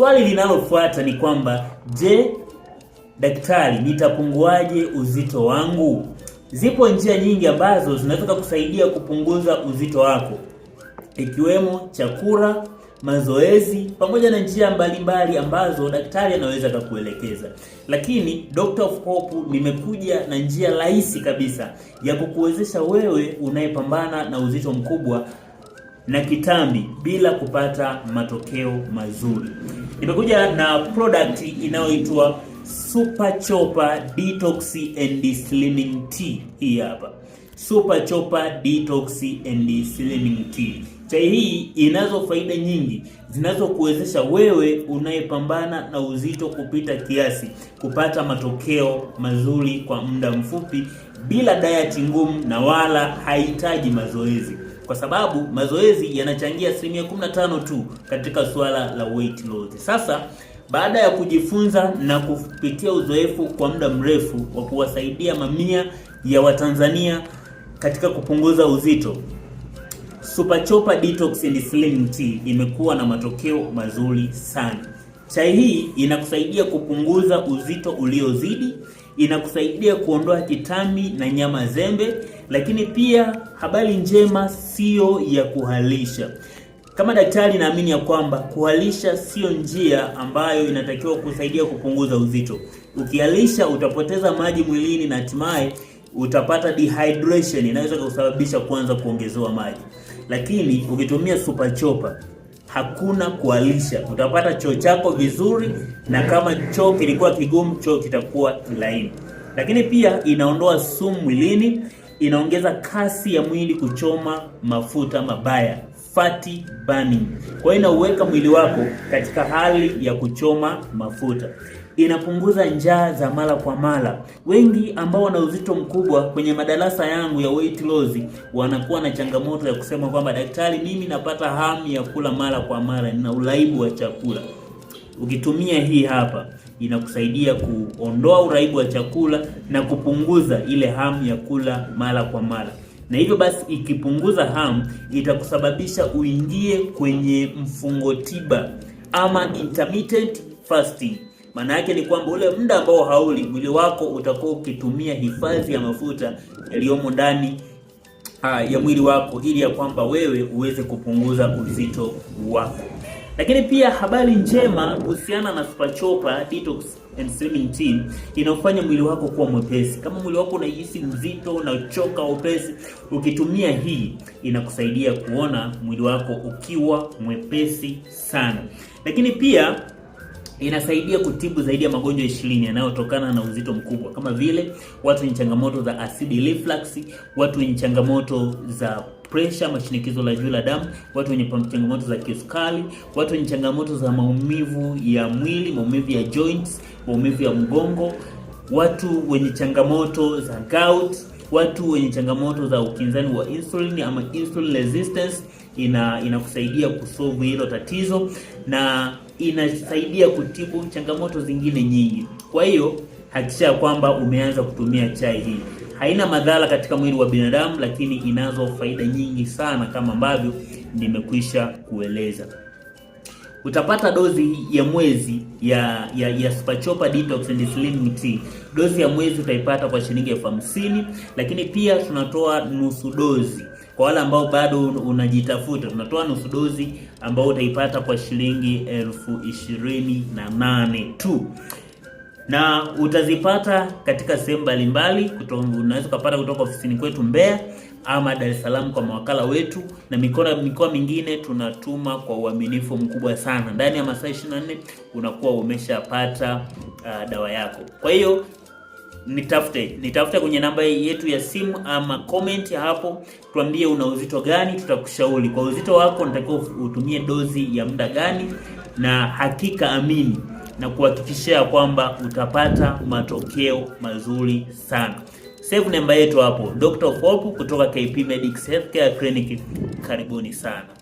Swali linalofuata ni kwamba je, daktari, nitapunguaje uzito wangu? Zipo njia nyingi ambazo zinaweza kusaidia kupunguza uzito wako ikiwemo chakula, mazoezi pamoja na njia mbalimbali ambazo daktari anaweza kukuelekeza. lakini Doctor of Hope nimekuja na njia rahisi kabisa ya kukuwezesha wewe unayepambana na uzito mkubwa na kitambi bila kupata matokeo mazuri nimekuja na product inayoitwa Super Chopper Detox and Slimming Tea. Hii hapa Super Chopper Detox and Slimming Tea. Chai hii inazo faida nyingi zinazokuwezesha wewe unayepambana na uzito kupita kiasi kupata matokeo mazuri kwa muda mfupi bila diet ngumu na wala haihitaji mazoezi kwa sababu mazoezi yanachangia asilimia 15 tu katika suala la weight loss. Sasa baada ya kujifunza na kupitia uzoefu kwa muda mrefu wa kuwasaidia mamia ya Watanzania katika kupunguza uzito, Super Chopa Detox and Slim Tea imekuwa na matokeo mazuri sana. Chai hii inakusaidia kupunguza uzito uliozidi, inakusaidia kuondoa kitambi na nyama zembe lakini pia habari njema siyo ya kuhalisha. Kama daktari, naamini ya kwamba kuhalisha siyo njia ambayo inatakiwa kusaidia kupunguza uzito. Ukihalisha utapoteza maji mwilini na hatimaye utapata dehydration inaweza kusababisha kuanza kuongezewa maji. Lakini ukitumia super chopa hakuna kuhalisha, utapata choo chako vizuri, na kama choo kilikuwa kigumu, choo kitakuwa laini Lakini pia inaondoa sumu mwilini inaongeza kasi ya mwili kuchoma mafuta mabaya, fatty burning. Kwa hiyo inauweka mwili wako katika hali ya kuchoma mafuta. Inapunguza njaa za mara kwa mara. Wengi ambao wana uzito mkubwa kwenye madarasa yangu ya weight loss wanakuwa na changamoto ya kusema kwamba daktari, mimi napata hamu ya kula mara kwa mara, nina uraibu wa chakula. Ukitumia hii hapa inakusaidia kuondoa uraibu wa chakula na kupunguza ile hamu ya kula mara kwa mara na hivyo basi ikipunguza hamu itakusababisha uingie kwenye mfungo tiba ama intermittent fasting. Maana yake ni kwamba ule muda ambao hauli, mwili wako utakuwa ukitumia hifadhi ya mafuta yaliyomo ndani ah, ya mwili wako, ili ya kwamba wewe uweze kupunguza uzito wako. Lakini pia habari njema kuhusiana na Super Chopa Detox and Slimming Tea inafanya mwili wako kuwa mwepesi. Kama mwili wako unahisi mzito, unachoka upesi, ukitumia hii inakusaidia kuona mwili wako ukiwa mwepesi sana. Lakini pia inasaidia kutibu zaidi ya magonjwa ishirini yanayotokana na uzito mkubwa kama vile watu wenye changamoto za acid reflux, watu wenye changamoto za pressure mashinikizo la juu la damu, watu wenye changamoto za kisukari, watu wenye changamoto za maumivu ya mwili, maumivu ya joints, maumivu ya mgongo, watu wenye changamoto za gout, watu wenye changamoto za ukinzani wa insulin ama insulin resistance. Ina inakusaidia kusolve hilo tatizo na inasaidia kutibu changamoto zingine nyingi. Kwa hiyo hakikisha kwamba umeanza kutumia chai hii haina madhara katika mwili wa binadamu, lakini inazo faida nyingi sana kama ambavyo nimekwisha kueleza. Utapata dozi ya mwezi ya ya, ya Spachopa Detox and Slim Tea. Dozi ya mwezi utaipata kwa shilingi elfu hamsini, lakini pia tunatoa nusu dozi kwa wale ambao bado unajitafuta, tunatoa nusu dozi ambao utaipata kwa shilingi elfu ishirini na nane tu na utazipata katika sehemu mbalimbali. Unaweza ukapata kutoka ofisini kwetu Mbeya ama Dar es Salaam kwa mawakala wetu, na mikoa mikoa mingine tunatuma kwa uaminifu mkubwa sana. Ndani ya masaa 24 unakuwa umeshapata uh, dawa yako. Kwa hiyo nitafute nitafute kwenye namba yetu ya simu ama comment hapo, tuambie una uzito gani, tutakushauri kwa uzito wako unatakiwa utumie dozi ya muda gani, na hakika amini na kuhakikishia kwamba utapata matokeo mazuri sana. Save namba yetu hapo, Dr. Hope kutoka KP Medics Healthcare Clinic. Karibuni sana.